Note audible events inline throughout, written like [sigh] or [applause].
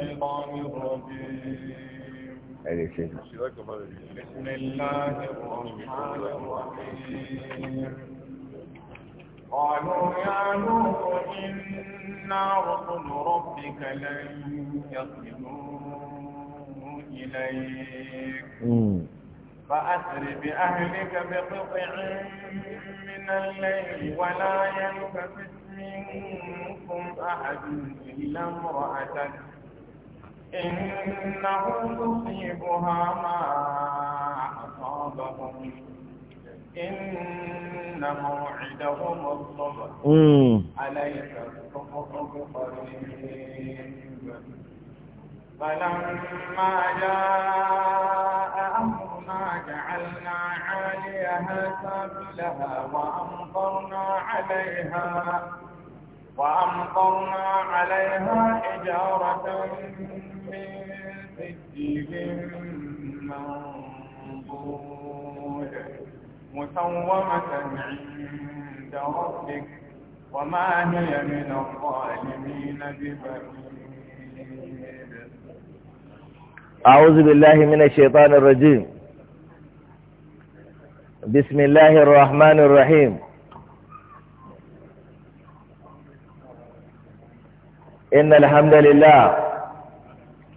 بسم الله الرحمن الرحيم قالوا يا نوح إنا رسل ربك لن يصلوا إليك فأسر بأهلك بقطع من الليل ولا يلتفت منكم أحد إلا امرأتك إنه يصيبها ما أصابهم إن موعدهم الصبح أليس الصبح بقريب فلما جاء أمرنا جعلنا عاليها سبلها وأمطرنا عليها وأمطرنا عليها حجارة سجل منضود مسومة عند ربك وما هي من الظالمين ببعيد أعوذ بالله من الشيطان الرجيم بسم الله الرحمن الرحيم إن الحمد لله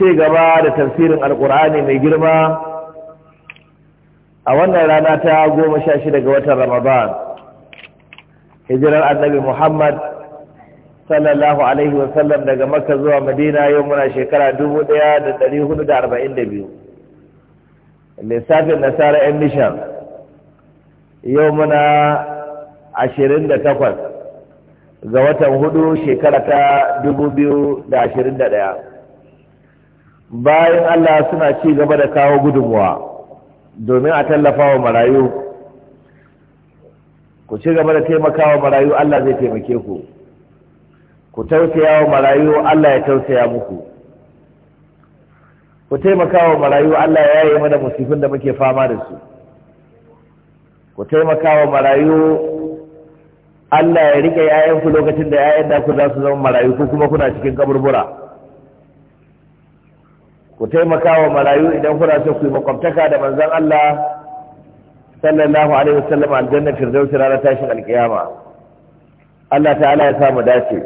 ce gaba da tafsirin alkur'ani mai girma a wannan rana ta goma sha shida ga watan ramadan hijirar annabi muhammad sallallahu alaihi wasallam daga makka zuwa madina yau muna shekara dubu ɗaya da da da arba'in da biyu. lissafin nasara yan mishan yau muna ashirin da takwas ga watan hudu shekara ta dubu biyu da da ɗaya. bayan Allah suna ci gaba da kawo gudunmuwa domin a tallafa wa marayu ku ci gaba da taimaka wa marayu Allah zai taimake ku ku tausaya wa marayu Allah ya tausaya muku ku taimaka wa marayu Allah ya yi mana musifin da muke fama da su ku taimaka wa marayu Allah ya rike 'ya'yanku lokacin da 'ya'yan da ku za su zama marayu ko kuma kuna cikin kaburbura ku taimaka wa marayu idan kuna so ku yi makwabtaka da manzan Allah sallallahu alaihi wasallam aljanna firdausi ranar tashin alkiyama Allah ta'ala ya samu dace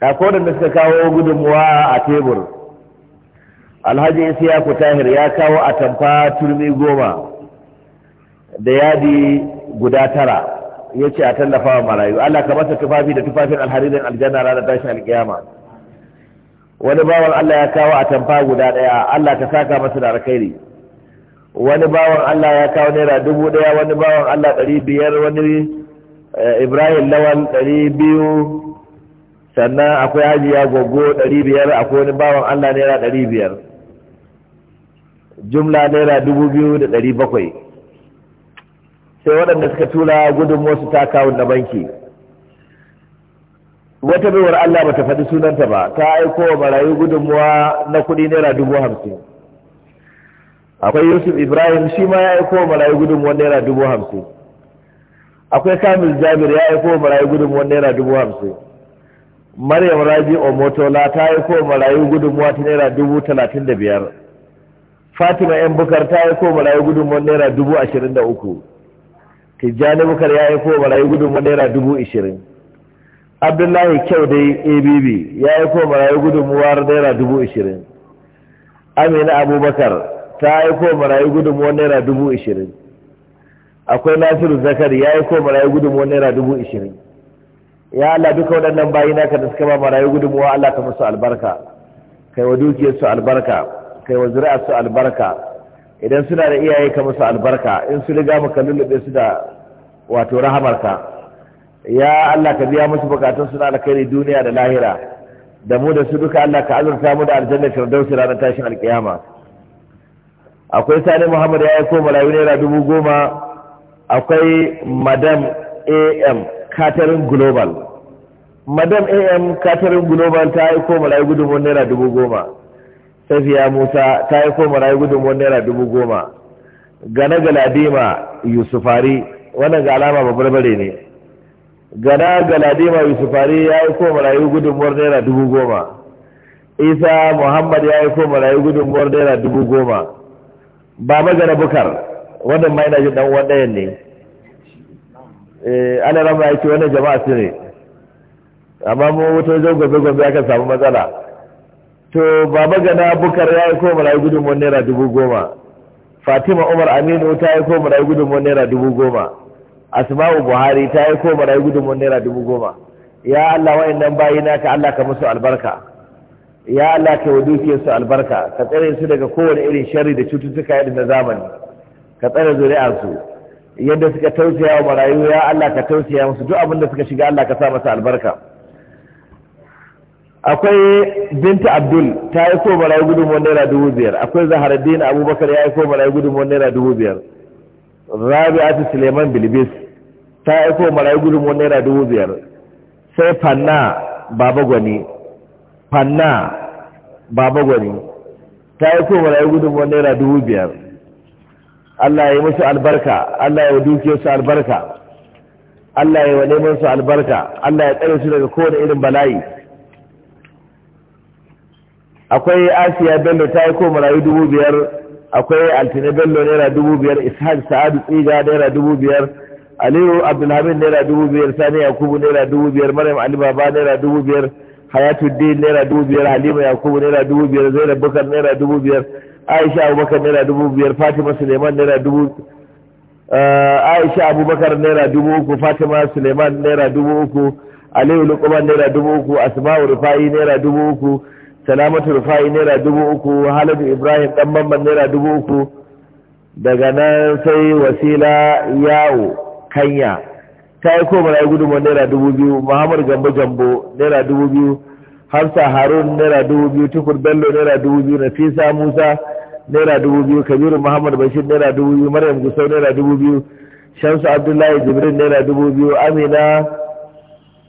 akwai da suka kawo gudunmuwa a tebur alhaji ku tahir ya kawo a tamfa turmi goma da yadi guda tara ya ce a tallafa wa marayu Allah ka masa tufafi da tufafin alharirin aljanna ranar tashin alkiyama wani bawan Allah ya kawo a tamfa guda ɗaya Allah ka saka masa da alkhairi wani bawan Allah ya kawo naira dubu ɗaya wani bawan Allah ɗari biyar wani eh, Ibrahim Lawal ɗari biyu sannan akwai ajiya gogo ɗari biyar akwai wani bawan Allah naira ɗari biyar jumla naira dubu biyu da ɗari bakwai sai waɗanda suka tura su ta kawo na banki wata baiwar Allah ba ta faɗi sunanta ba ta aiko wa marayu gudunmuwa na kuɗi naira dubu hamsin akwai yusuf ibrahim shi ma ya aiko wa marayu gudunmuwa naira dubu hamsin akwai kamil jamir ya aiko wa marayu gudunmuwa naira dubu hamsin maryam raji omotola ta aiko wa marayu gudunmuwa ta naira dubu talatin da biyar fatima yan bukar ta aiko wa marayu gudunmuwa naira dubu ashirin da uku tijjani bukar ya aiko wa marayu gudunmuwa naira dubu ashirin abdullahi kyau dai abb ya yi ko marayu gudunmuwar naira dubu ishirin amina abubakar ta yi ko marayu gudunmuwar naira dubu ishirin akwai nasiru zakari ya yi ko marayu gudunmuwar naira dubu ishirin ya Allah duka waɗannan bayi naka da suka ba marayu gudunmuwa Allah ka musu albarka kai wa dukiyarsu albarka kai wa zuri'arsu albarka idan suna da iyaye ka musu albarka in su riga maka lullube su da wato rahamarka ya Allah ka biya musu bukatun suna alkhairi duniya da lahira da mu da su duka Allah ka azurta mu da aljanna firdausi ranar tashin alkiyama akwai sani muhammad ya aiko marayu naira dubu goma akwai madam am katarin global madam am katarin global ta aiko marayu gudunmuwar naira dubu goma safiya musa ta aiko marayu gudunmuwar naira dubu goma gane galadima yusufari wannan ga alama babbar bare ne gana galadima yusufari ya yi ko marayu gudunmuwar naira dubu goma isa muhammad ya yi ko marayu gudunmuwar naira dubu goma baba magana bukar wannan mai ina jin dan uwan ɗayan ne eh ana rama ya ce wannan jama'a su ne amma mu wutar zau gobe gobe aka samu matsala to baba gana bukar ya yi ko marayu gudunmuwar naira dubu goma fatima umar aminu ta yi ko marayu gudunmuwar naira dubu goma asma'u buhari ta yi ko barayi gudunmuwar naira dubu goma ya allah nan bayi ka allah ka musu albarka ya allah ka yi su albarka ka tsare su daga kowane irin shari da cututtuka irin na zamani ka tsare zuri'arsu yadda suka tausaya wa marayu ya allah ka tausaya musu duk abin da suka shiga allah ka sa masa albarka akwai binta abdul ta yi ko marayu gudunmuwar naira dubu biyar akwai zaharaddin abubakar ya yi ko marayu gudunmuwar naira dubu biyar rabi'atu suleiman bilbis ta aiko marayu gudunmu naira dubu biyar sai fanna baba gwani fanna baba gwani ta aiko marayu gudunmu naira dubu biyar Allah ya yi musu albarka Allah ya yi dukiyarsu albarka Allah ya yi wa neman su albarka Allah ya tsare su daga kowane irin bala'i akwai asiya bello ta aiko marayu dubu biyar akwai altine bello naira dubu biyar ishaq sa'adu tsiga naira dubu biyar aliyu abdulhamid naira dubu biyar sani yakubu naira dubu biyar maryam ali baba naira dubu biyar hayatuddin naira dubu biyar halima yakubu naira dubu biyar zainab bakar naira dubu biyar aisha abubakar naira dubu biyar fatima suleiman naira dubu aisha abubakar naira dubu uku fatima suleiman naira dubu uku aliyu lukuman naira dubu uku asma'u rufa'i naira dubu uku salamatu rufa'i naira dubu uku haladu ibrahim dan mamman naira dubu uku daga nan sai wasila yawo Kanya ta yi ko gudu ma naira dubu biyu muhammad gambo jambo naira dubu biyu hamsa harun naira dubu biyu tukur bello naira dubu biyu nafisa musa naira dubu biyu kabiru muhammad bashir naira dubu biyu maryam gusau naira dubu biyu shamsu abdullahi jibrin naira dubu biyu amina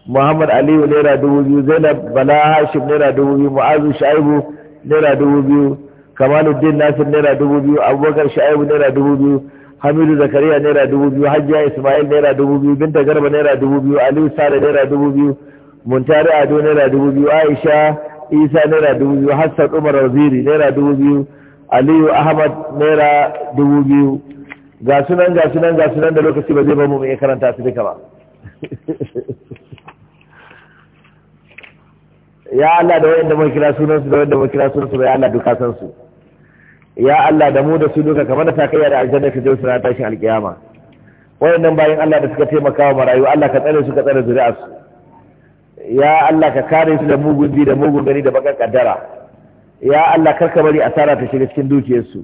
muhammad aliyu naira dubu biyu zainab bala hashim naira dubu biyu mu'azu shaibu naira dubu biyu kamaluddin nasir naira dubu biyu abubakar shaibu naira dubu biyu hamidu zakariya naira dubu biyu hajiya ismail naira dubu biyu binta garba naira dubu biyu aliyu sale naira dubu biyu muntari ado naira dubu biyu aisha isa naira dubu biyu hassan umar waziri naira dubu biyu aliyu ahmad naira dubu biyu ga sunan ga sunan ga sunan da lokaci ba zai ba mu mai karanta su duka ba [laughs] ya Allah da da mu kira sunansu da da mu kira sunansu ba ya Allah duka san su ya Allah da mu da su duka kamar da kai da aljanna ka jausa ta tashin alkiyama wayannan bayan Allah da suka taimaka wa marayu Allah ka tsare su ka tsare su. ya Allah ka kare su da mugun bi da mugun gani da bakar kaddara ya Allah kar ka bari asara ta shiga cikin dukiyarsu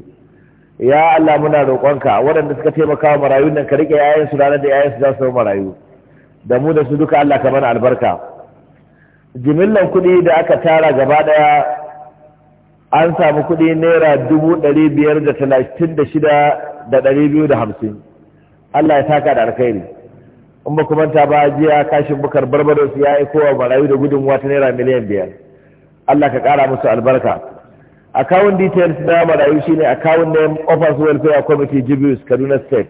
ya Allah muna roƙonka waɗanda suka taimaka wa marayu nan ka rike yayin su ranar da yayin su za su marayu da mu da su duka Allah ka mana albarka jimillan kuɗi da aka tara gaba ɗaya an samu kuɗi naira dubu ɗari biyar da talatin da shida da ɗari biyu da hamsin Allah ya taka da alkhairi in ba manta ba jiya kashin bukar barbados ya yi kowa marayu da gudunmuwa ta naira miliyan biyar Allah ka ƙara musu albarka akawun details na marayu shine akawun name offers welfare committee jibus kaduna state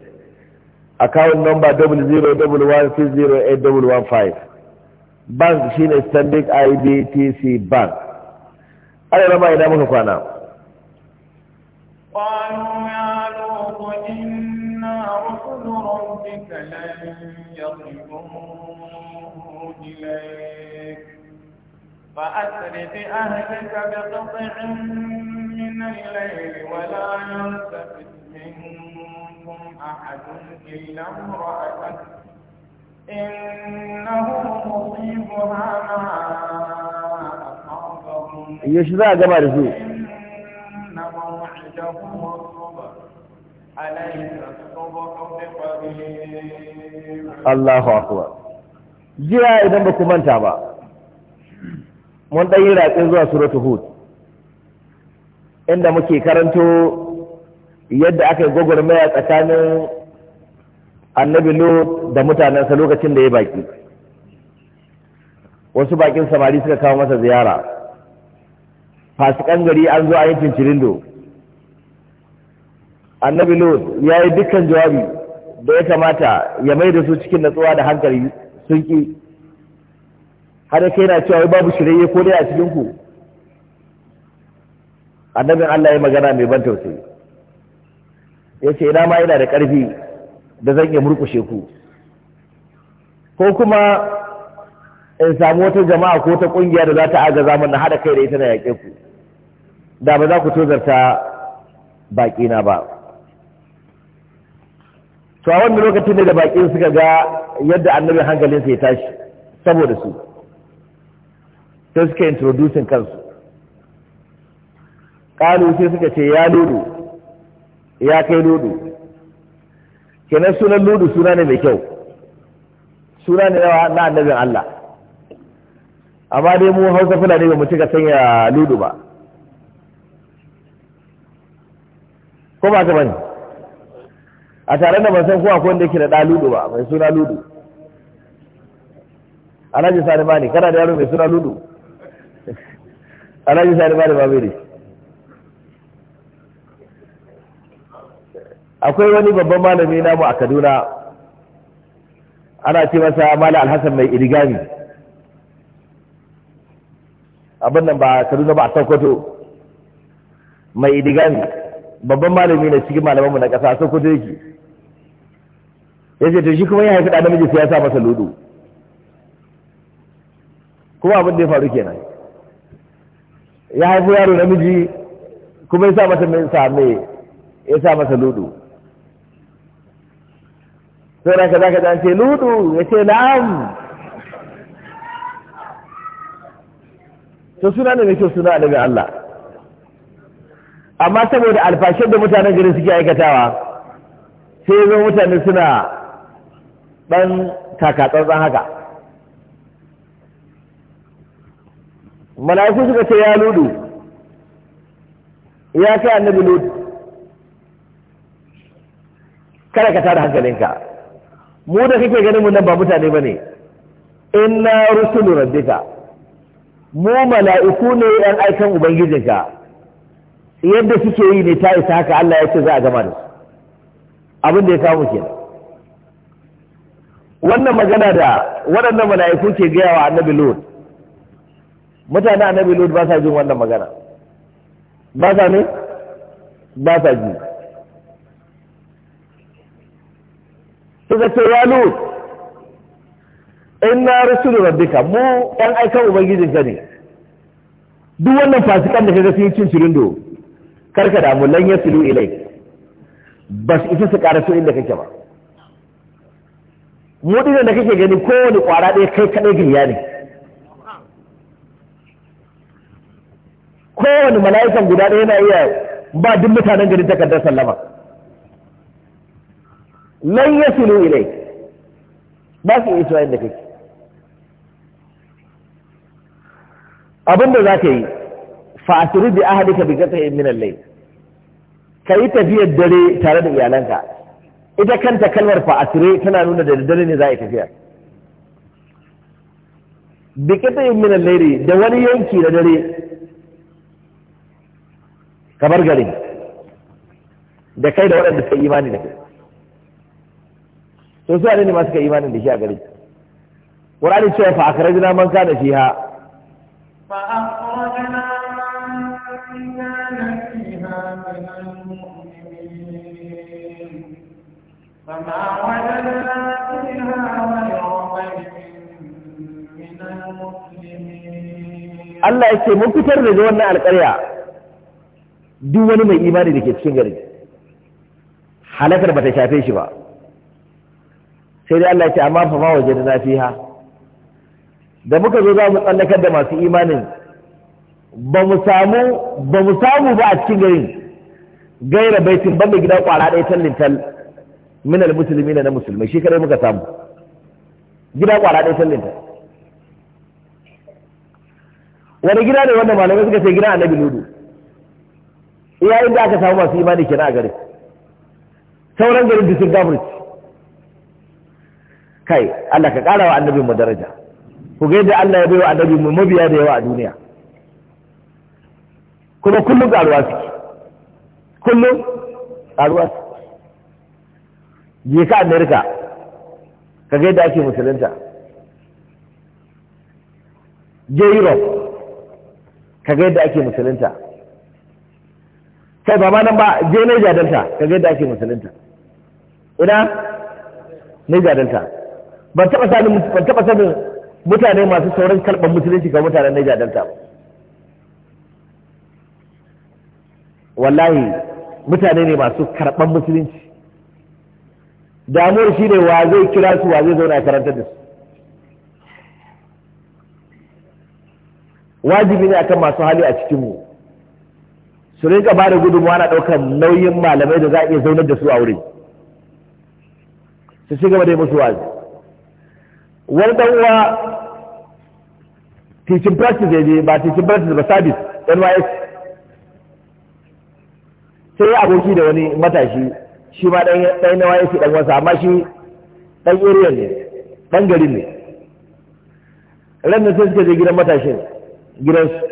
akawun number 00160815 bank shine standing ibtc bank ana rama ina muka kwana قالوا يا لوط إنا رسل ربك لن يصلوا إليك فأسر بأهلك بقطع من الليل ولا يلتفت منكم أحد إلا امرأتك yaushe za a gama da su Allahu idan ba ku manta ba mun ɗan yi ratsin zuwa suratu hud inda muke karanto yadda aka yi gwagwarmaya tsakanin annabi lut da mutanensa lokacin da ya baki wasu bakin samari suka kawo masa ziyara fasikan gari an zo a cincirin do annabi lot ya yi dukkan jawabi da ya kamata ya mai da su cikin natsuwa da hankali sun ƙi har kai na cewa babu shirye ko dai a cikin ku annabin Allah ya magana mai ban tausayi ya ce ina ma yana da ƙarfi da zan iya murƙushe ku ko kuma in samu wata jama'a ko ta ƙungiya da za ta agaza mana na haɗa kai da ita na yaƙe ku da ba za ku tozarta baƙina ba to a wannan lokacin ne da baƙin suka ga yadda annabin hankalinsa ya tashi saboda su sai suka introducing kansu ƙalu sai suka ce ya lodo ya kai lodo kenan sunan lodo suna ne mai kyau suna ne na annabin Allah amma dai mu hausa fulani ba mu cika sanya ludu ba ko ba ka bane a tare da ban san ko akwai wanda yake da daludu ba mai suna ludu alhaji sani bani kana da yaro mai suna ludu alhaji sani bani ba mere akwai wani babban malami namu a kaduna ana ce masa mala alhassan mai irigami abin nan ba kaduna ba a sokoto mai idigami babban malami ne cikin malamanmu na ƙasa sun kuta yake ya ce to shi kuma ya haifi ɗan namiji sai ya sa masa ludu kuma abin da ya faru kenan ya haifi yaro namiji kuma ya sa masa mai same ya sa masa ludu sai ranka za ka ce ludu ya ce na'am to suna ne mai kyau suna annabi Allah amma saboda alfashin da mutanen gari suke aikatawa sai zo mutane suna ɗan takatsantsan haka mala'iku suka ce ya ludu ya kai annabi ludu kada ka tara hankalinka mu da kake ganin mu nan ba mutane ba ne inna rusulu rabbika mu mala'iku ne yan aikan ubangijinka yadda suke yi ne ta isa haka Allah ya ce za a gama da su abin da ya kawo ke wannan magana da waɗannan mala'iku ke gaya wa annabi Lut mutane annabi Lut ba sa jin wannan magana ba sa ne ba sa ji suka ce ya Lut inna rusulu rabbika mu ɗan aikan ubangijinka ne duk wannan fasikan da kaga sun yi cin cirindo karka damu lan yasilu ilai ba su isa su karaso inda kake ba mu dinan da kake gani kowane kwara ɗaya kai kaɗai giriya ne kowane mala'ikan guda ɗaya na iya ba duk mutanen gari takardar sallama lan yasilu ilai ba su isa inda kake abinda za ka yi fa asiru bi ahadika bi qat'i min al-layl kai tafiyar dare tare da iyalanka ita kanta kalmar fa asiru tana nuna da dare ne za a tafiya bi qat'i min al-layl da wani yanki da dare kamar gari da kai da waɗanda suka imani da kai to su ne masu kai imanin da shi a gari Qur'ani cewa fa akhrajna man kana fiha Allah ya ce mun fitar da الله يكي duk wani mai imani da ke cikin gari halakar ba ta shafe shi ba sai dai Allah ya ce amma fa ma waje da nafiha da muka zo za mu tsallakar da masu imanin ba mu samu ba a cikin garin gaira baitin da gida kwara ɗaya tallin tal min musulmi na musulmai shi kare muka samu gida kwara ɗaya sallinta wani gida ne wanda malamai suka ce gida annabi ludu iya inda aka samu masu imani kenan a garin sauran garin da sun gafurci kai Allah ka ƙara wa annabin mu daraja ku ga yadda Allah ya bai wa annabi mu mabiya da yawa a duniya kuma kullum ƙaruwa suke kullum ƙaruwa suke je ka amerika ka ga yadda ake musulunta je europe ka ga yadda ake musulunta kai ba ma nan ba je niger delta ka ga yadda ake musulunta ina niger delta ban taɓa sanin ban taba sanin mutane masu sauran kalban musulunci ga mutanen niger delta ba wallahi mutane ne masu karban musulunci damuwar shi ne wa zai kira su wa zai zauna karanta da su wajibi ne akan masu hali a cikinmu su rinka ba da gudunmawa na ɗaukar nauyin malamai da za a iya zaunar da su a wuri su ci gaba da musu wazi wani dan uwa teaching practice ne ba teaching practice ba service nys sai ya aboki da wani matashi shi ma ɗan nawa yake ɗan wasa amma shi ɗan iriya ne ɗan gari ne ranar sai suka je gidan matashin gidansu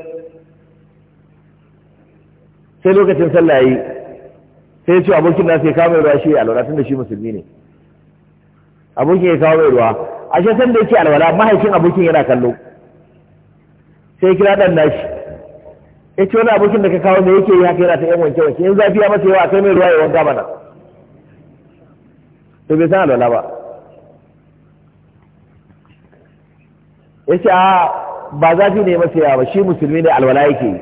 sai lokacin sallah yi sai ya ce abokin nasu ya kawo mai ruwa shi alwala tun da shi musulmi ne abokin ya kawo mai ruwa ashe san da yake alwala mahaifin abokin yana kallo sai kira ɗan nashi ya ce wani abokin da ka kawo mai yake yi haka yana ta yan wanke wanke in zafi ya masa yawa kai mai ruwa ya wanka mana to bai san alwala ba ce a ba zafi ne masa yawa shi musulmi ne alwala yake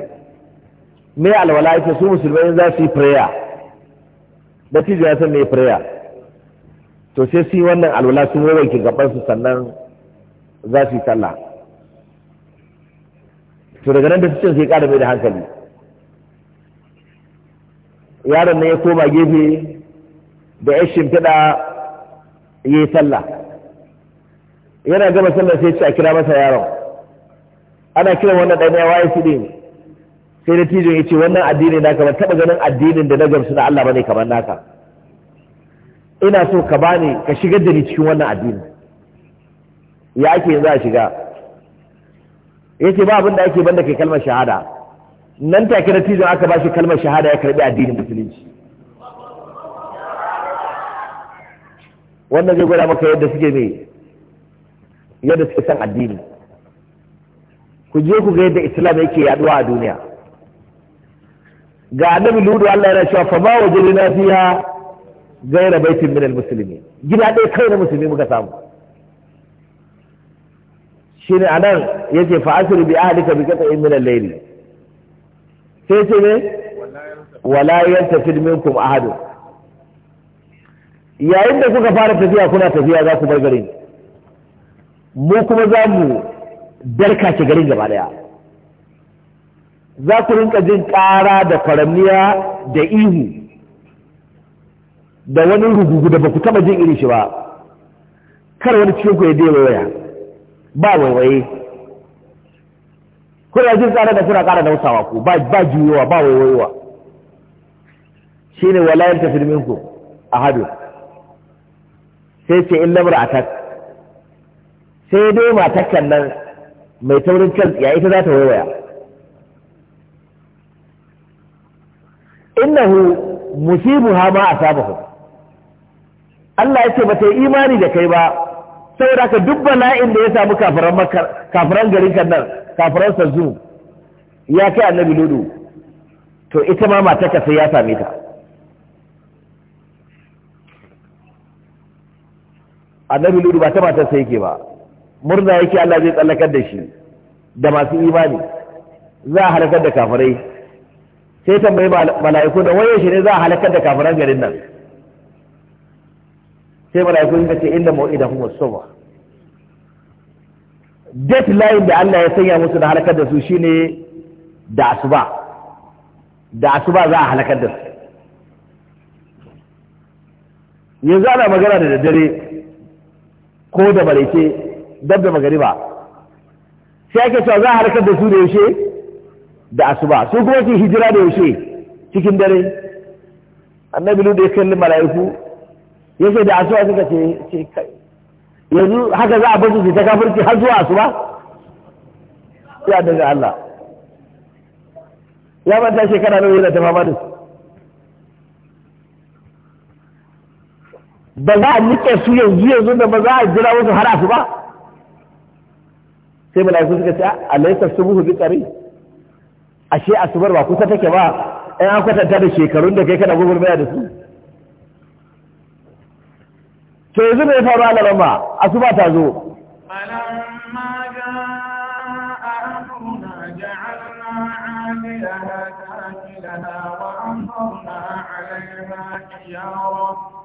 me alwala yake su musulmai za su yi firaya da tijo ya san me prayer to sai su yi wannan alwala sun wawanke gaban su sannan za su yi sallah to daga nan da su ce sai kada mai da hankali yaron ne ya koma gefe da ya shimfiɗa yi sallah yana gama sallah sai ce a kira masa yaron ana kiran wannan ɗan yawa ya ne sai da tijin ya ce wannan addini na kamar taɓa ganin addinin da na gamsu na Allah bane kamar naka ina so ka bani ka shigar da ni cikin wannan addini ya ake yanzu a shiga ya ce ba abin da ake banda kai kalmar shahada nan take da tijin aka ba shi kalmar shahada ya karɓi addinin musulunci wannan zai gwada maka yadda suke ne yadda suke san addini ku je ku ga yadda islam yake yaduwa a duniya ga annabi ludu Allah yana cewa fa ma wajadna fiha ghayra baitin min almuslimin gida dai kai na musulmi muka samu shine anan yace fa asri bi ahlika bi qat'in min al-layl sai ce ne wala yantafid minkum ahadun yayin da kuka fara tafiya kuna tafiya za ku bar garin mu kuma za mu darka ki garin gaba daya za ku rinka jin ƙara da faramiya da ihu da wani rugugu da ba ku taba jin iri shi ba kar wani cikin ku ya dai waya ba waiwaye kuna jin tsara da kuna ƙara wasawa ku ba juyowa ba wa shine wala yanta a hadu sai ce in lamar atak sai dai matakan nan mai taurin kan tsiya ita za ta waiwaya innahu musibu ha ma asabahu Allah ya ce ba ta yi imani da kai ba saboda ka duk bala'in da ya samu kafiran makar kafiran garin kan nan kafiran ya kai annabi ludu to ita ma mataka sai ya same ta annabi ludu ba ta sa yake ba murna yake Allah zai tsallakar da shi da masu imani za a halakar da kafirai sai tambayi mala'iku da waye shi ne za a halakar da kafiran garin nan sai mala'iku suka ce inda da kuma suba deadline da Allah ya sanya musu da halakar da su shine da asuba da asuba za a halakar da su yanzu ana magana da daddare ko da maraice dab da ba, sai ake cewa za a harkar da su da yaushe da asuba su kuma su hijira da yaushe cikin dare annabi lu da ya kalli mala'iku ya ce da asuba suka ce yanzu haka za a bar su ta kafirci har zuwa asuba ya daga Allah ya manta shekara nawa yana ta fama da su ba za a nike su yanzu yanzu da ba za a jira wasu hara su ba sai mala'iku suka ce alaisa subuhu bi shi ashe asubar ba kusa take ba in an kwatanta da shekarun da kai kana gurgurmaya da su to yanzu da ya faru a larama asuba ta zo جعلنا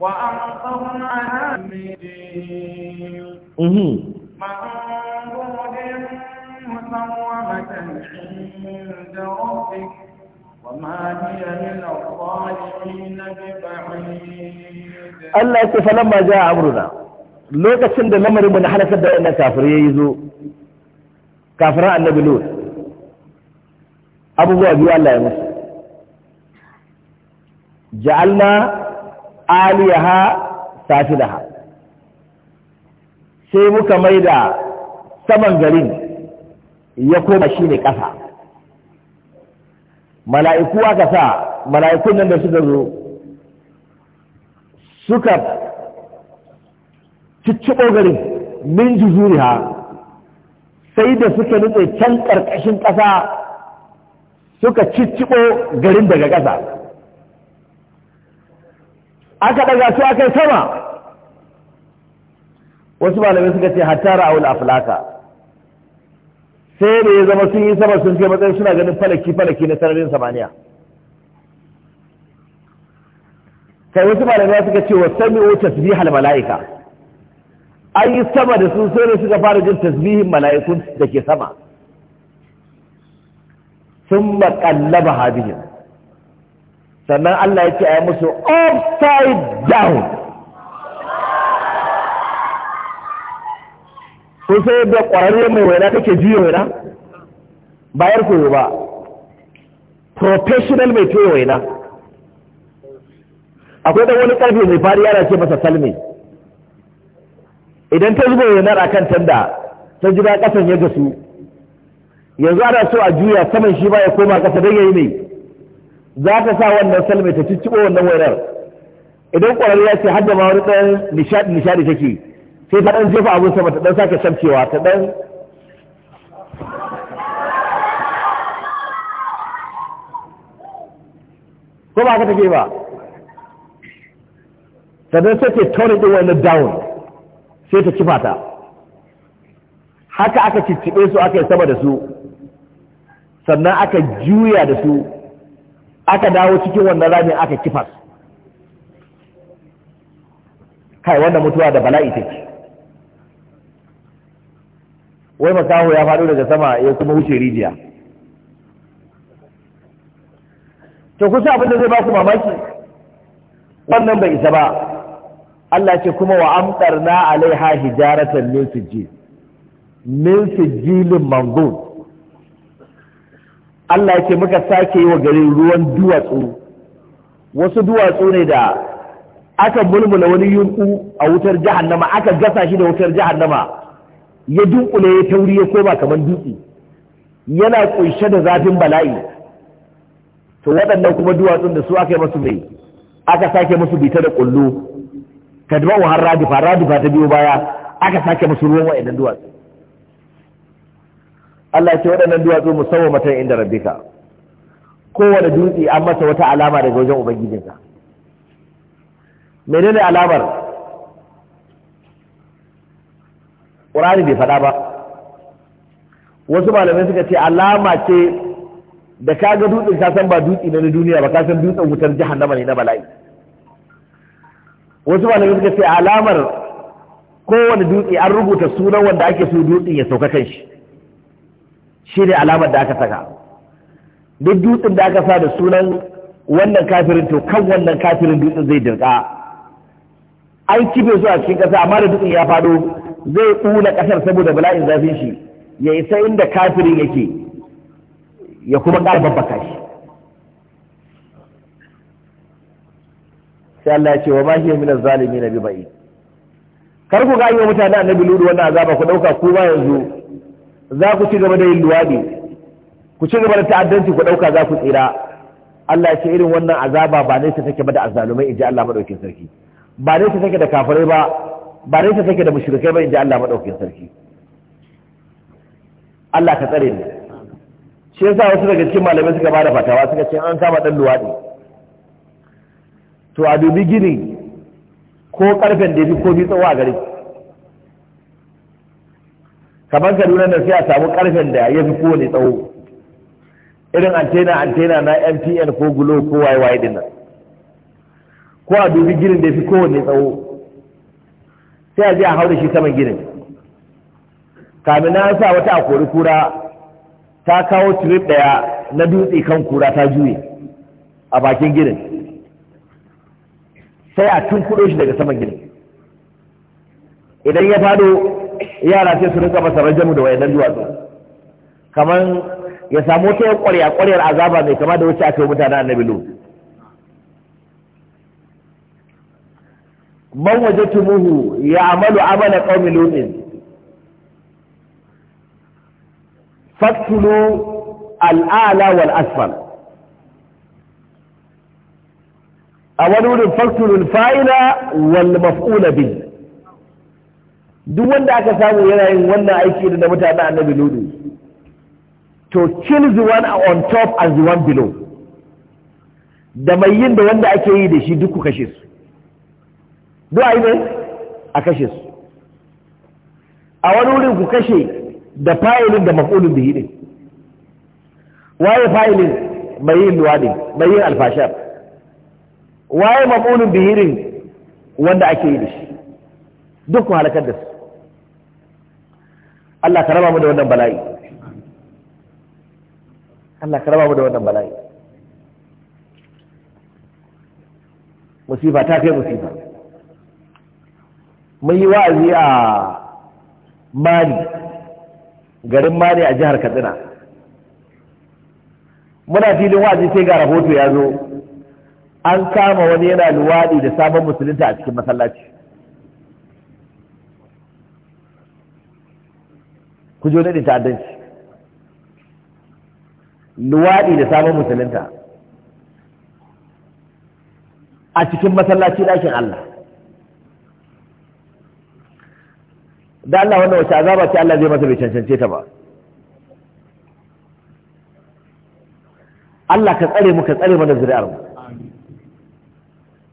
وأمطرنا مدين منظور مسومة عند ربك وما هي من الظالمين ببعيد الله يقول فلما جاء أمرنا lokacin da lamarin mu na halakar da wannan kafirai yayi zo kafiran annabi lut abubuwa biyu Allah ya musu ja'alna aliyaha safilaha sai muka mai da saman garin ya koma shi ne ƙasa mala'iku aka sa mala'ikun nan da suka zo suka cicciɓo garin min juzuriha sai da suka nutse can ƙarƙashin ƙasa suka cicciɓo garin daga ƙasa aka ɗaga su aka sama wasu malamai suka ce hatta a aflaka sai da ya zama sun yi sama sun ce matsayin suna ganin falaki falaki na sararin samaniya kai wasu malamai suka ce wa su tasbihal mala'ika an yi sama da sun sai da suka fara jin tasbihin mala'ikun da ke sama sun maƙallaba habihin sannan Allah ya ce a yi musu upside down ko sai da ƙwararre mai waina take jiye waina bayar koyo ba professional mai toyo waina akwai ɗan wani ƙarfe mai fari yana ce masa salmi idan ta zuba wainar a kan tanda ta jira ƙasan ya gasu yanzu ana so a juya saman shi ba ya koma ƙasa don ya yi mai za ta sa wannan salmai ta cicciɓo wannan wainar idan ya ce har ma wani ɗan nishaɗi nishaɗi take sai ta ɗan jefa abin sama ta ɗan sake samcewa ta ɗan ko ba ka take ba ta ɗan sake tonin ɗin wani down sai ta kifa ta haka aka cicciɓe su aka yi sama da su sannan aka juya da su aka dawo cikin wannan ramin aka kifas kai wanda mutuwa da bala'i take wai makaho ya faɗo daga sama ya kuma wuce rijiya to kusa abin da zai ba ku mamaki wannan bai isa ba Allah ce kuma wa na alaiha hijaratan min sijil min sijilin manzur Allah ya ce muka sake yi wa garin ruwan duwatsu wasu duwatsu ne da aka mulmula wani yunku a wutar jahannama aka gasa shi da wutar jahannama ya dunkule ya tauri ya koma kamar dutse yana kunshe da zafin bala'i to waɗannan kuma duwatsun da su aka yi masu mai aka sake musu bita da kullu kadma wa har radifa radifa ta biyo baya aka sake musu ruwan waɗannan duwatsu Allah ce waɗannan duwatsu musamman matan inda rabbika kowane dutse an masa wata alama daga wajen ubangijinka menene alamar ƙurani bai faɗa ba wasu malamai suka ce alama ce da ka ga dutsen ka san ba dutse na duniya ba ka san dutsen wutar na ne na bala'i wasu malamai suka ce alamar kowane dutse an rubuta sunan wanda ake so dutsen ya sauka kan shi shi ne alamar da aka saka duk dutsen da aka sa da sunan wannan kafirin to kan wannan kafirin dutsen zai dirka an kife su cikin ƙasa amma da dutsen ya faɗo zai ƙuna ƙasar saboda bala'in zafin shi ya isa inda kafirin yake ya kuma ƙara babbaka shi sai Allah ya ce wa ma min az na bi bai? kar ku ga yi mutane annabi lulu wannan azaba ku dauka ku ba yanzu za ku ci gaba da yin luwaɗi ku ci gaba da ta'addanci ku ɗauka za ku tsira Allah ce irin wannan azaba ba nesa take ba da azzalumai inji Allah madaukin sarki ba nesa take da kafirai ba ba nesa take da mushrikai ba inji Allah madaukin sarki Allah ka tsare ni shi yasa wasu daga cikin malamai suka bada fatawa suka ce an kama dan luwaɗi to a dubi gini ko karfen da ko bi tsawo a gari kamar kaduna nuna sai a samu karfen da ya fi kowane tsawo irin antena antena na mtn ko gulo ko yy din nan ko a dubi ginin da ya fi kowane tsawo sai a je a haura shi saman ginin kamin na sa wata akori kura ta kawo trip daya na dutse kan kura ta juye a bakin ginin sai a tun kudo shi daga saman ginin idan ya fado yara sai su rinka masa rajamu da wayannan duwatsu kaman ya samu yin ƙwarya ƙwaryar azaba mai kama da wuce aka yi mutane annabi lut man waje tumuhu ya amalu amala ƙaumi lumin. faktulu al'ala wal asfal a wani wurin faktulu fa'ila wal maf'ula bihi duk wanda aka samu yana yin wannan aiki da mutanen annabi ludu to kill the one on top and the one below da mai yin da wanda ake yi da shi duk ku kashe su duk a yi ne a kashe su a wani wurin ku kashe da fa'ilin da makulun da ne waye fa'ilin mai yin luwadi mai yin alfashar waye makulun da wanda ake yi da shi duk ku halakar da su Allah ka raba mu da wannan bala'i Allah ka raba mu da wannan bala'i musifa ta kai musifa mun yi wa'azi a mani garin mani a jihar katsina muna filin wa'azi sai ga rahoto ya zo an kama wani yana luwaɗi da sabon musulunta a cikin masallaci ku jo da ta'addanci luwaɗi da sabon musulunta a cikin masallaci ɗakin Allah da Allah wannan wace azaba ce Allah zai masa bai cancance ta ba Allah ka tsare mu ka tsare mana zuri'ar mu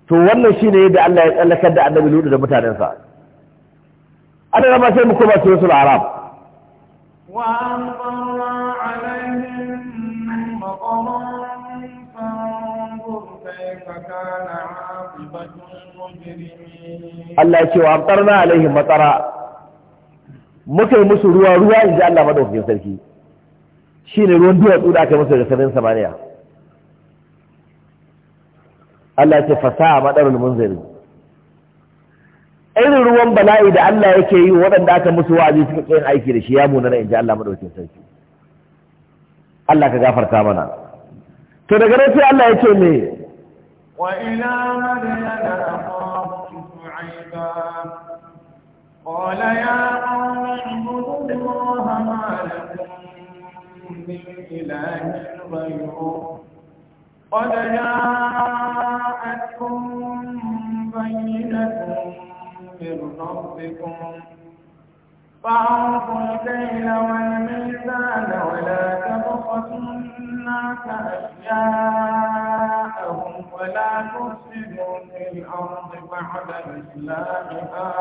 to wannan shine yadda Allah ya tsallakar da annabi Lutu da mutanensa adana ma sai mu koma suratul arab وأمطرنا عليهم مطرا فانظر كيف كان عاقبة المجرمين الله يشي muka yi musu ruwa ruwa in ji Allah madaukakin sarki shi ne ruwan duwatsu da aka yi musu daga sanin samaniya Allah ce fasaha madarul munzari bala'i da Allah yake yi waɗanda aka musu wa'azi suka kai aiki da shi ya munana in ji Allah madaukin sarki Allah ka gafarta mana to daga nan sai Allah ya ce me wa ila madyana aqafu shu'aiba qala ya qawmi ibudullaha ma lakum min ilahin ghayruhu قد جاءتكم بينة من ربكم فأعطوا الكيل والميزان ولا تبخسوا الناس أشياءهم ولا تفسدوا في الأرض بعد إصلاحها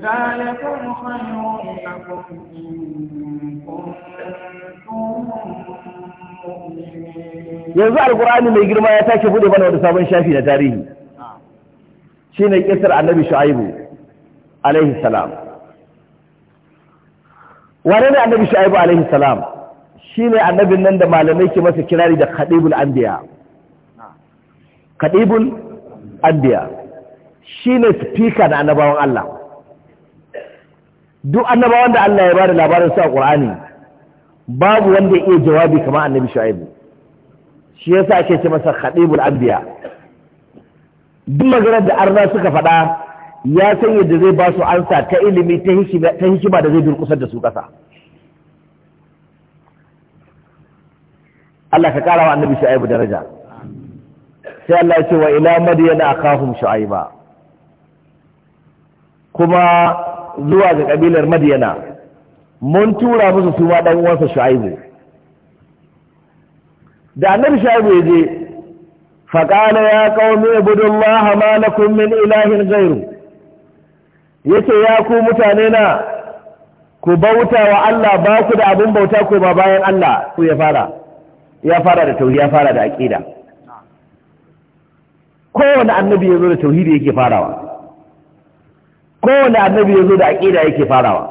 ذلكم خير لكم إن كنتم Yanzu Alƙur'ani mai girma ya tashi buɗe mana wata sabon shafi na tarihi. shine kisar annabi shu'aibu alaihi salam wane ne annabi shu'aibu alaihi salam shine annabin nan da malamai ke masa kirari da khadibul anbiya khadibul anbiya shine spika na annabawan Allah duk annabawan da Allah ya bada labarin su a Qur'ani babu wanda ya iya jawabi kamar annabi shu'aibu shi yasa ake ce masa khadibul anbiya duk maganar da arna suka faɗa ya san yadda zai ba su ansa ta ilimi ta hikima da zai durkusar da su ƙasa Allah ka ƙara wa annabi shu'aibu daraja sai Allah ya ce wa ila madiyana kafin shu'aiba kuma zuwa ga kabilar madiyana mun tura musu suma ɗan uwansa shu'aibu da annabi shu'aibu ya je فقال يا قوم اعبدوا الله ما لكم من إله غيره yace ya ku mutane na ku bauta wa Allah ba ku da abin bauta ku ba bayan Allah ku ya fara ya fara da tauhidi ya fara da aqida kowane annabi yazo da tauhidi yake farawa kowane annabi yazo da aqida yake farawa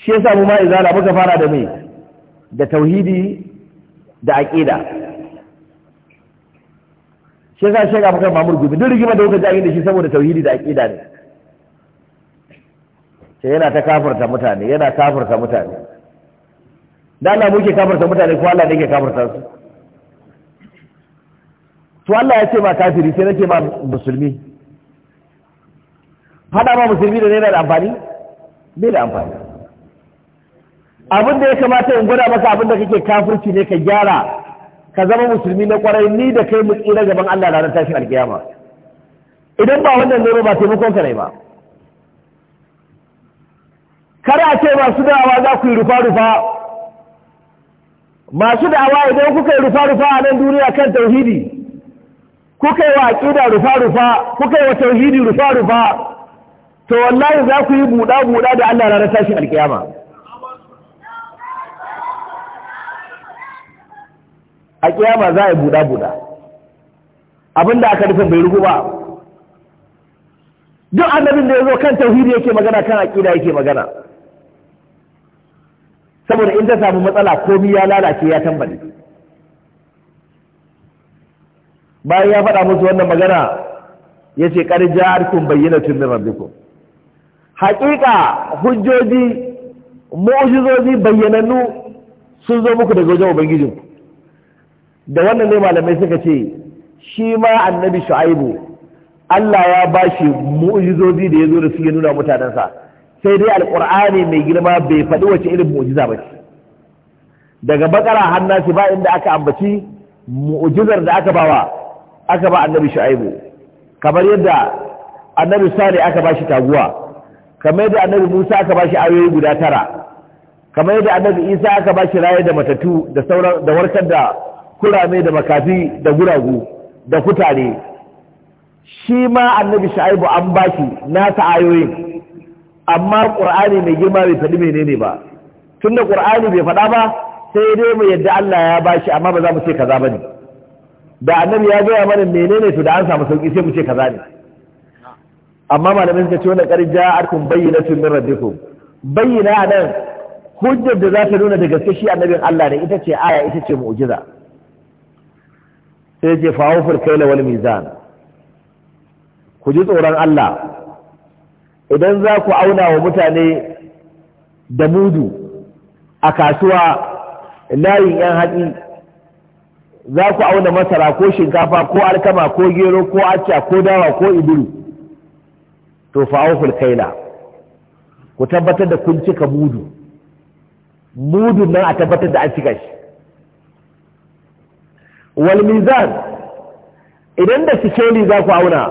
shi yasa mu ma izala muka fara da me da tauhidi da aqida shi yasa shi ga maka mamur gobe duk rigima da kuka ji da shi saboda tauhidi da aqida ne ce yana ta kafarta mutane yana kafarta mutane da Allah muke kafarta mutane ko Allah ne yake kafarta su to Allah ya ce ma kafiri sai nake ma musulmi hada ma musulmi da ne da amfani ne da amfani abin da ya kamata in gwada maka abin da kake kafirci ne ka gyara ka zama musulmi na kwarai ni da kai mu tsira gaban Allah ranar tashin alkiyama idan ba wannan ne ba taimakon ka ne ba a ce masu da'awa za ku yi rufa rufa masu da'awa idan kuka yi rufa rufa a nan duniya kan tauhidi kuka yi wa aqida rufa rufa kuka yi wa tauhidi rufa rufa to wallahi za ku yi buɗa buɗa da Allah ranar tashin alkiyama a kiyama za a buɗa buɗa abinda aka nufin bai rugu ba duk annabin da ya zo kan tauhidi yake magana kan aƙida yake magana saboda in ta samu matsala komi ya lalace ya tambali bayan ya faɗa musu wannan magana ya ce kun bayyana tun rabbikum haƙiƙa hujjoji mu'ujizozi bayyanannu sun zo muku daga wajen ubangijinku da wannan ne malamai suka ce shi ma annabi shu'aibu Allah ya bashi mu'ujizozi da ya zo da su ya nuna mutanensa sai dai Alƙur'ani mai girma bai faɗi wace irin mu'jiza ba daga bakara hannashi ba inda aka ambaci mu'ujizar da aka bawa aka ba annabi shu'aibu kamar yadda annabi Sani aka ba shi taguwa kamar yadda annabi musa aka ba shi ayoyi guda tara kamar yadda annabi isa aka ba shi raye da matatu da sauran da warkar da kurame da makafi da guragu da kutare shi ma annabi sha'ibu an baki nasa ayoyin amma ƙur'ani mai girma bai faɗi menene ba tun da ƙur'ani bai faɗa ba sai dai mu yadda Allah ya bashi amma ba za mu ce kaza ba da annabi ya gaya mana menene to da an samu sauƙi sai mu ce kaza ne amma malamin suka ce wannan ƙarin ja'arkum bayyinatun min rabbikum bayyana nan hujjar da za ta nuna da gaske shi annabin Allah ne ita ce aya ita ce mu'jiza sai ce kai la wal mizan ku ji tsoron Allah idan za ku auna wa mutane da mudu a kasuwa layin yan haɗi za ku auna masara ko shinkafa ko alkama ko gero ko acca ko dawa ko ibiru to kai la ku tabbatar da kun cika mudu mudu nan a tabbatar da an cika shi wal mizan idan da sikeli za ku auna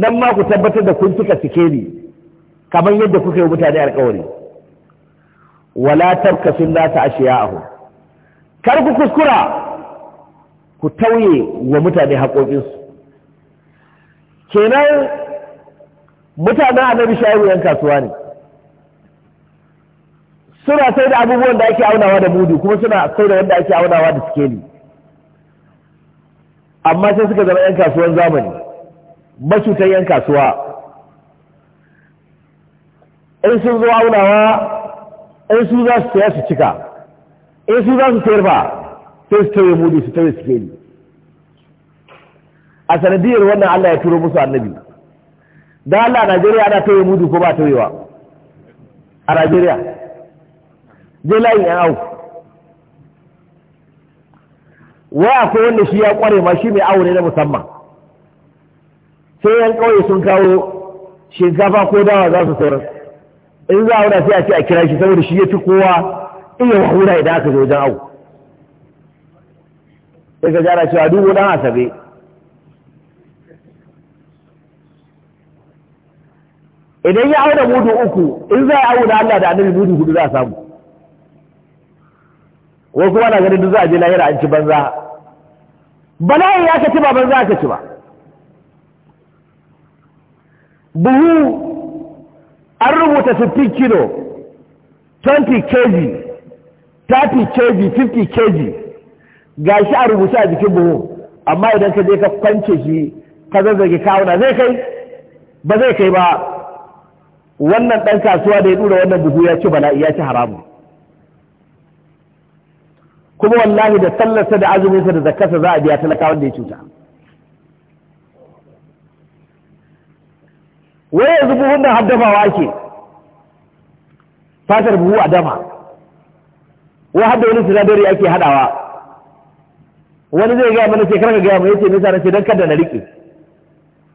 nan ma ku tabbatar da kun cika sikeli kamar yadda kuka yi mutane alkawari wala tabka a ashiya'ahu kar ku kuskura ku tauye wa mutane haƙoƙinsu kenan mutanen annabi shayu yan kasuwa ne suna sai da abubuwan da ake aunawa da mudu kuma suna sai da wanda ake aunawa da sikeli amma sai suka zama 'yan kasuwan zamani macutan 'yan kasuwa in sun zo aunawa in su za su taya su cika in su za su tayar ba sai su tawaye mudu su tawaye suke ni a sanadiyar wannan Allah ya turo musu annabi da Allah a Najeriya ana tawaye mudu ko ba tawayewa a Najeriya je layin yan auku wai akwai wanda shi ya kware ma shi mai awo ne na musamman sai yan kawai sun kawo shinkafa ko dawa za su sauran in za a wuna sai a ce a kira shi saboda shi ya fi kowa iya wahura idan aka zo wajen awo sai ka jara cewa dubu dan asabe idan ya auna mudu uku in za a auna Allah da annabi mudu hudu za a samu wasu wani ganin duk za a je lahira an ci banza bala'i ya ka ci ba banza aka ci ba buhu an rubuta 50 kilo 20 kg 30 kg 50 kg ga shi a rubuta a jikin buhu amma idan ka je ka kwance shi ka zazzage kawuna zai kai ba zai kai ba wannan dan kasuwa da ya dura wannan buhu ya ci bala'i ya ci haramu kuma wallahi da sallarsa da azuminsa da zakarsa za a biya talaka wanda ya cuta wai yanzu buhun da haddafawa ake fatar buhu a dama wa hadda wani sinadari ake haɗawa? wani zai gaya mana shekarar ka gaya mai yace nisa na ce don kada na rike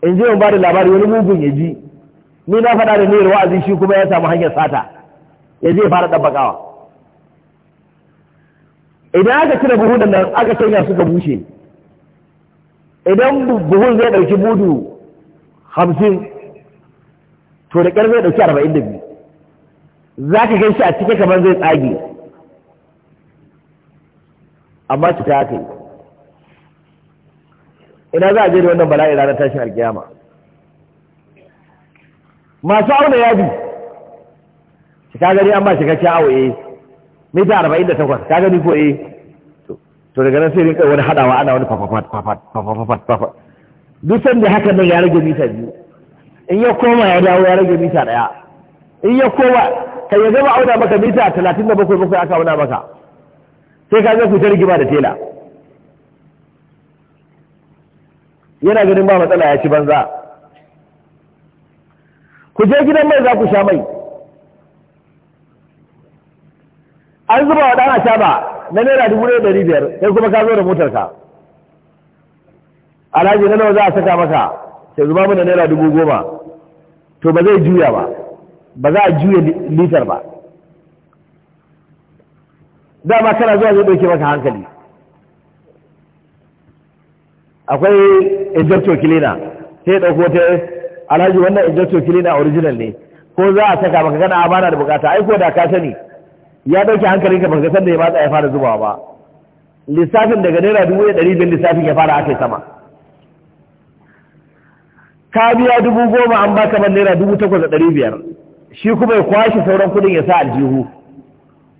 in ji ba da labari wani mugun ya ji ni na faɗa da niyyar wa'azi shi kuma ya samu hanyar sata ya je fara ɗabbakawa idan aka cire buhunan nan aka sanya suka bushe idan buhun zai ɗauki budu hamsin to da ƙyar zai ɗauki arba'in da biyu za ka gan shi a cike kamar zai tsage amma cika haka ina za a je da wannan bala'i ranar tashin alkiyama masu auna yadi ka gani an ba shi awo eh mita arba'in da takwas ka gani ko eh to daga nan sai rinka wani hadawa ana wani fafafat fafafat fafafat duk sanda haka nan ya rage mita biyu in ya koma ya dawo ya rage mita daya in ya koma kai ya gama auna maka mita talatin da bakwai bakwai aka auna maka sai ka ga ku rigima da tela yana ganin ba matsala ya ci banza ku je gidan mai za ku sha mai an zuba wa ɗan ba na naira dubu ɗaya ɗari biyar sai kuma ka zo da motarka alhaji na nawa za a saka maka sai zuba da naira dubu goma to ba zai juya ba ba za a juya litar ba dama kana zuwa zai ɗauke maka hankali akwai injector kilina sai ɗauko ta alhaji wannan injector kilina original ne ko za a saka maka kana amana da bukata aiko da ka sani ya dauke hankali ka baka san da ya ba ya fara zubawa ba lissafin daga naira dubu da ɗari biyar lissafin ya fara ake sama ka biya dubu goma an baka man naira dubu takwas da ɗari biyar shi kuma ya kwashe sauran kuɗin ya sa aljihu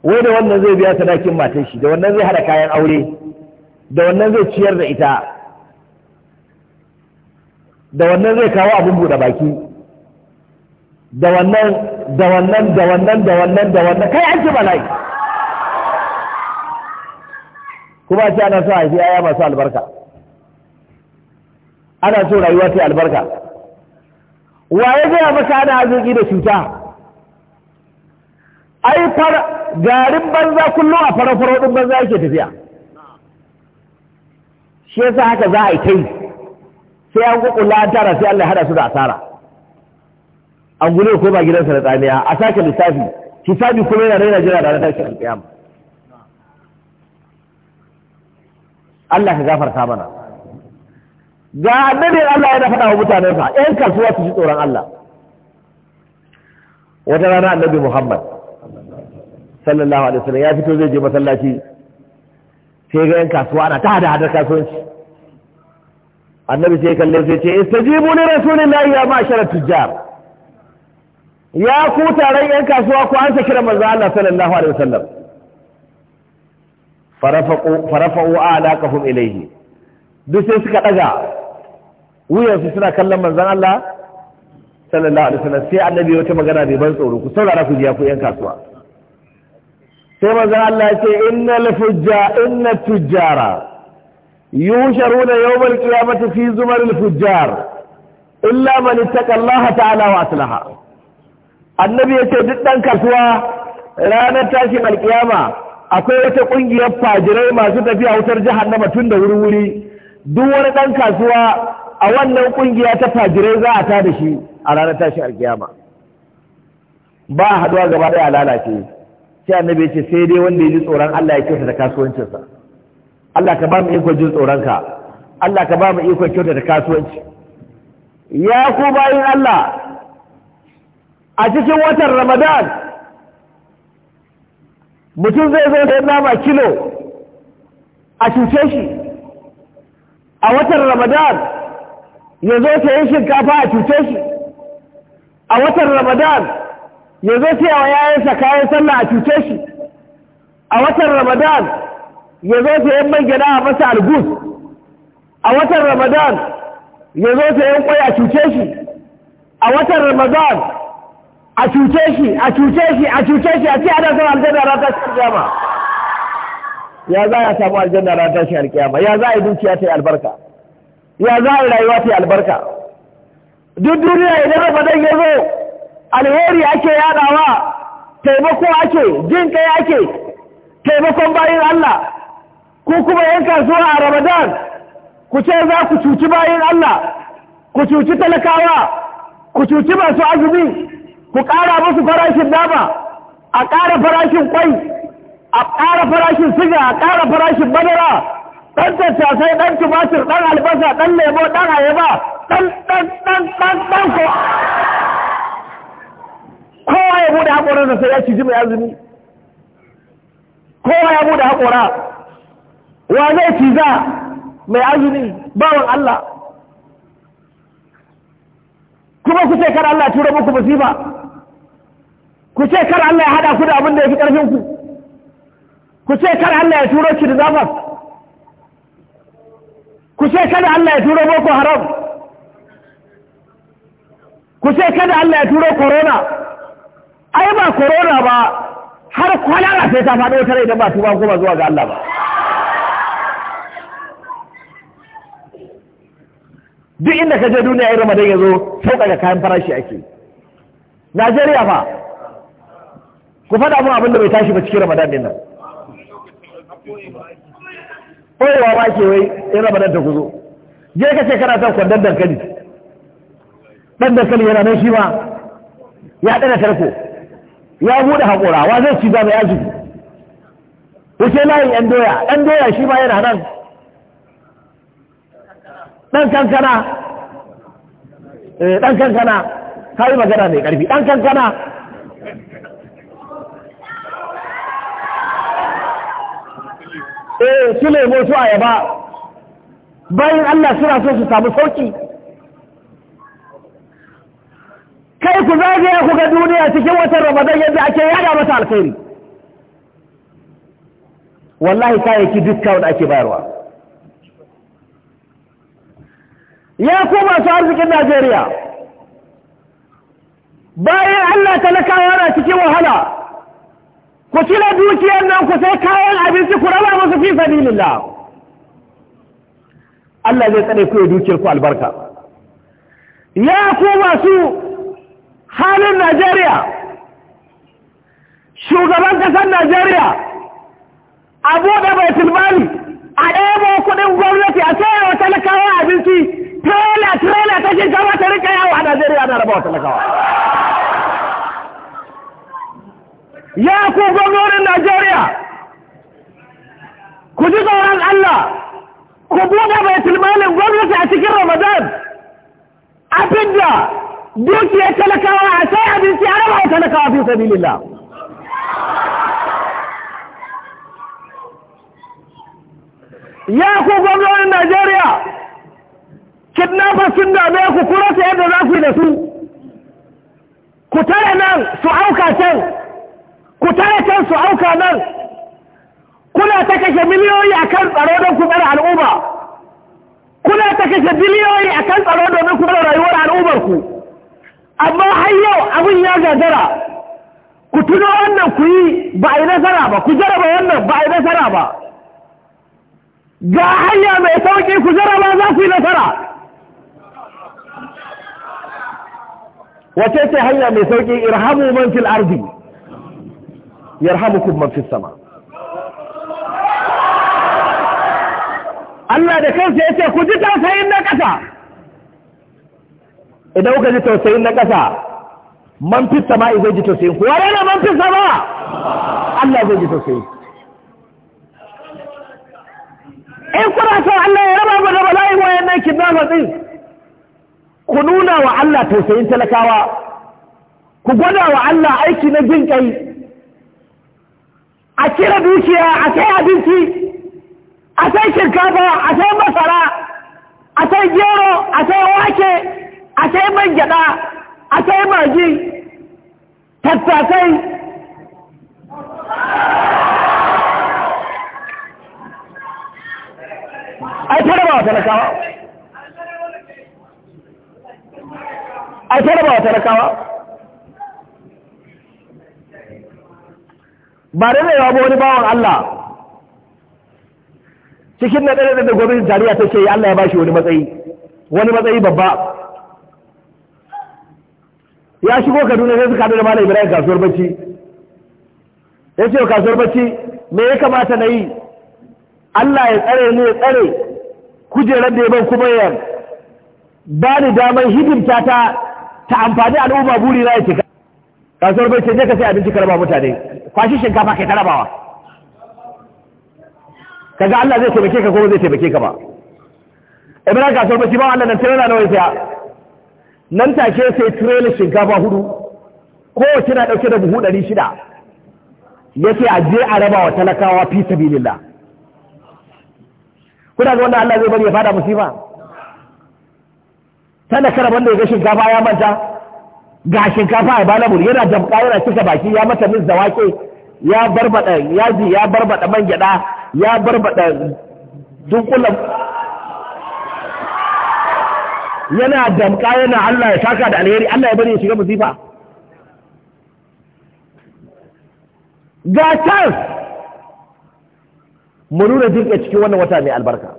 wai da wannan zai biya sadakin matan shi da wannan zai hada kayan aure da wannan zai ciyar da ita da wannan zai kawo abin buɗe baki da wannan da wannan da wannan da wannan da wannan kai an ci bala'i kuma ce ana so a haifi yaya masu albarka ana so rayuwa ce albarka wa ya gaya maka ana arziki da cuta ai far garin banza kullum a fara-faro din banza yake tafiya shi yasa haka za a yi kai sai an kukula tara sai Allah hada su da asara an gudu ko ba gidansa da tsamiya a sake lissafi hisabi kuma yana raina jira da na tashi alƙiyama Allah ka gafarta mana ga annabi Allah yana faɗa wa mutanensa ƴan kasuwa su ji tsoron Allah wata rana annabi Muhammad sallallahu alaihi wasallam ya fito zai je masallaci sai ga ƴan kasuwa ana ta hada hadar kasuwanci annabi sai kalle sai ce istajibu li rasulillahi ya ma'shara tujjar ya ku taron yan kasuwa ko an kira manzo Allah sallallahu alaihi wasallam farafaqu farafa'u alaqahum ilayhi duk sai suka daga wuyansu suna kallon manzon Allah sallallahu alaihi wasallam sai annabi wata magana bai ban tsoro ku saurara ku ji ku yan kasuwa sai manzon Allah ya ce innal fujja innat tujara yusharuna yawmal qiyamati fi zumaril fujjar illa man ittaqa Allah ta'ala wa aslaha annabi ya ce duk ɗan kasuwa ranar tashi alkiyama akwai wata ƙungiyar fajirai masu tafiya wutar jahannama tun da wuri-wuri duk wani ɗan kasuwa a wannan ƙungiya ta fajirai za a ta da shi a ranar tashi alkiyama ba a haɗuwa gaba ɗaya lalace sai annabi ya ce sai dai wanda ya ji tsoron Allah ya kyauta da kasuwancinsa Allah ka ba mu ikon jin tsoronka Allah ka ba mu ikon kyauta da kasuwanci ya ku bayin Allah a cikin watan ramadan mutum zai zai sai nama kilo a cuce shi a watan ramadan ya zo ta yin shinkafa a cuce shi a watan ramadan ya zo ta yawa yayansa kayan sallah a cuce shi a watan ramadan ya zo ta yin man a masa algus a watan ramadan ya zo ta yin kwai a cuce shi a watan ramadan a cuce shi a cuce shi a cuce shi a ce ana son aljanna ran shi alkiyama ya za a samu aljanna ran shi alkiyama ya za a yi dukiya ta yi albarka ya za a yi rayuwa ta yi albarka duk duniya idan ramadan ya zo alheri ake yadawa taimako ake jin kai ake taimakon bayin Allah ko kuma yan kasuwa a ramadan ku ce za ku cuci bayin Allah ku cuci talakawa ku cuci masu azumi ku ƙara musu farashin dama a ƙara farashin kwai a ƙara farashin siga a ƙara farashin madara ɗan tattasai ɗan tumatir ɗan albasa ɗan lemo ɗan ayaba ɗan ɗan ɗan ɗan ɗan ko kowa ya bude haƙorin da sai ya ciji mai azumi kowa ya bude haƙora wa zai ciza mai azumi bawan Allah kuma ce kar Allah tura muku musiba ku ce kar Allah ya hada ku da abin da ya fi ƙarfin ku ku ce kar Allah ya turo ki da zafas ku ce kada Allah ya turo boko haram ku ce kada Allah ya turo corona ai ba corona ba har kwalara sai ta faɗo tare idan ba tuba kuma zuwa ga Allah ba duk inda ka je duniya irin madan ya zo sauƙaƙa kayan farashi ake Najeriya fa ku faɗa mu abin da bai tashi ba cikin ramadan din nan koyewa ba ke wai in ramadan ta kuzo je ka ce kana son kwandon dankali dan dankali yana nan shi ma ya ɗana tarko ya buɗe haƙura, wa zai ci zama ya zubi wuce layin ɗan doya ɗan doya shi ma yana nan ɗan kankana eh, ɗan kankana ka yi magana mai ƙarfi ɗan kankana eh su lemo su ayaba bayan Allah suna so su samu sauki kai ku zagaya ku ga duniya cikin watan ramadan yadda ake yada mata alkhairi wallahi kayayyaki discount ake bayarwa ya ku masu arzikin Najeriya bayan Allah talakawa yana cikin wahala ku cire dukiyar nan ku sai kayan abinci ku raba musu fi sabilillah Allah zai tsare ku ya dukiyar ku albarka ya ku masu halin Najeriya shugaban kasar Najeriya a buɗe baitul mali a ɗebo kuɗin gwamnati a sai wa talakawa abinci trailer trailer ta shi gaba ta rika yawa a Najeriya na raba wa talakawa ya ku gwamnonin Najeriya ku ji tsoron Allah ku buɗe mai tilmalin gwamnati a cikin Ramadan abinda dukiyar talakawa a sai abinci a raba talakawa fi sabilillah ya ku gwamnonin Najeriya kidnappers sun dame ku ku rasa yadda za ku yi da su ku tare nan su auka can ku tare su auka nan kuna ta kashe miliyoyi akan tsaro don ku bar al'umma kuna ta kashe biliyoyi akan tsaro domin ku bar rayuwar al'ummar ku amma har yau abin ya gagara ku tuno wannan ku yi ba a yi nasara ba ku jaraba wannan ba a yi nasara ba ga hanya mai sauƙi ku jaraba za ku yi nasara wace ce hanya mai sauƙi irhamu man fil ardi yarhamukum man fis sama Allah da kansa yace ku ji tausayin na kasa idan kuka ji tausayin na kasa man fis sama zai ji tausayin ku wane ne man fis sama Allah zai ji tausayi in kuna so Allah ya raba mu da bala'in wayannan kidnappers din ku nuna wa Allah tausayin talakawa ku gwada wa Allah aiki na jin kai a cire dukiya a sai abinci a sai shinkafa a sai masara a sai gero a sai wake a sai man gyada a sai magi tattakai a yi tarba wa talakawa a ba da yawa ba wani bawan Allah cikin na ɗaya da gwamnatin tarayya ta ce Allah ya bashi wani matsayi wani matsayi babba ya shigo Kaduna sai suka haɗu da Malam Ibrahim kasuwar bacci ya ce kasuwar bacci me ya kamata na yi Allah ya tsare ni ya tsare kujerar da ya ban kuma ya ba ni damar hidimta ta ta amfani al'umma buri na ya cika kasuwar bacci ne ka sai abinci karba mutane kwashi shinkafa kai tarabawa kaga Allah zai taimake ka ko zai taimake ka ba ibra so bashi ba Allah nan tirela nawa ya nan take sai tirela shinkafa hudu kowace na dauke da buhu ɗari shida yace a je a raba wa talakawa fi sabilillah kuna ga wanda Allah zai bari ya fada musiba talaka rabon da ya ga shinkafa ya manta ga shinkafa a balabur yana damƙa yana cika baki ya mata min wake ya barbada yaji ya barbada man gyada ya barbada dunkulan yana damƙa yana Allah ya taka da alheri Allah ya bari ya shiga musifa ga can mu nuna jirka cikin wannan wata mai albarka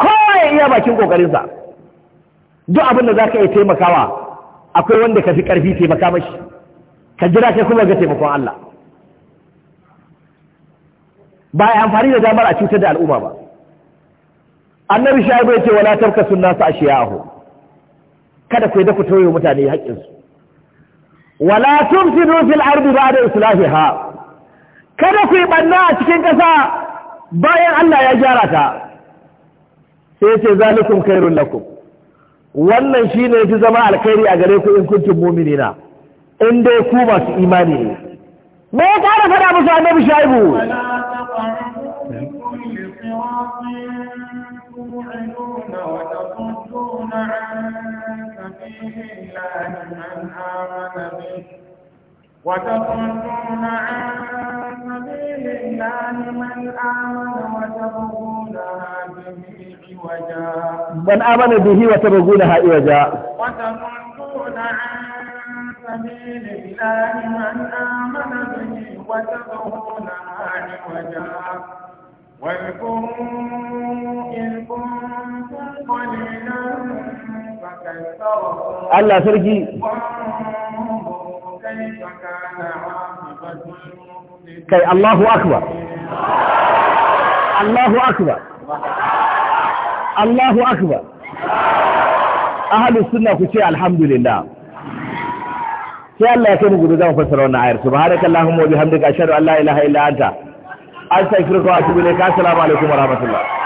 kowa ya iya bakin kokarinsa duk abin da za ka iya taimakawa akwai wanda ka fi ƙarfi taimaka mashi ka jira kai kuma ga taimakon Allah ba ya amfani da damar a cutar da al'umma ba annabi shi bai ce wala tarka sunna su aho kada ku da ku tauye mutane haƙƙinsu wala tumsidu fil ardi ba'da ha kada ku yi ɓanna a cikin ƙasa bayan Allah ya gyara ta sai ce zalikum khairul lakum wannan shine fi zama alkhairi a gare ku in kuntum mu'minina in dai ku masu imani ne me ya kara fada musu annabi shaibu وتصدون عن سبيل الله من آمن وتبغونها به عوجا من آمن به وتبغونها عوجا وتصدون عن سبيل الله من آمن به وتبغونها عوجا Allah sarki kai Allahu akbar Allahu akbar Allahu akbar ahlus sunna ku ce alhamdulillah sai Allah ya kai mu gudu zama fassara wannan ayar subhanaka allahumma wa bihamdika ashhadu an la ilaha illa anta astaghfiruka wa atubu ilayk assalamu alaikum wa rahmatullah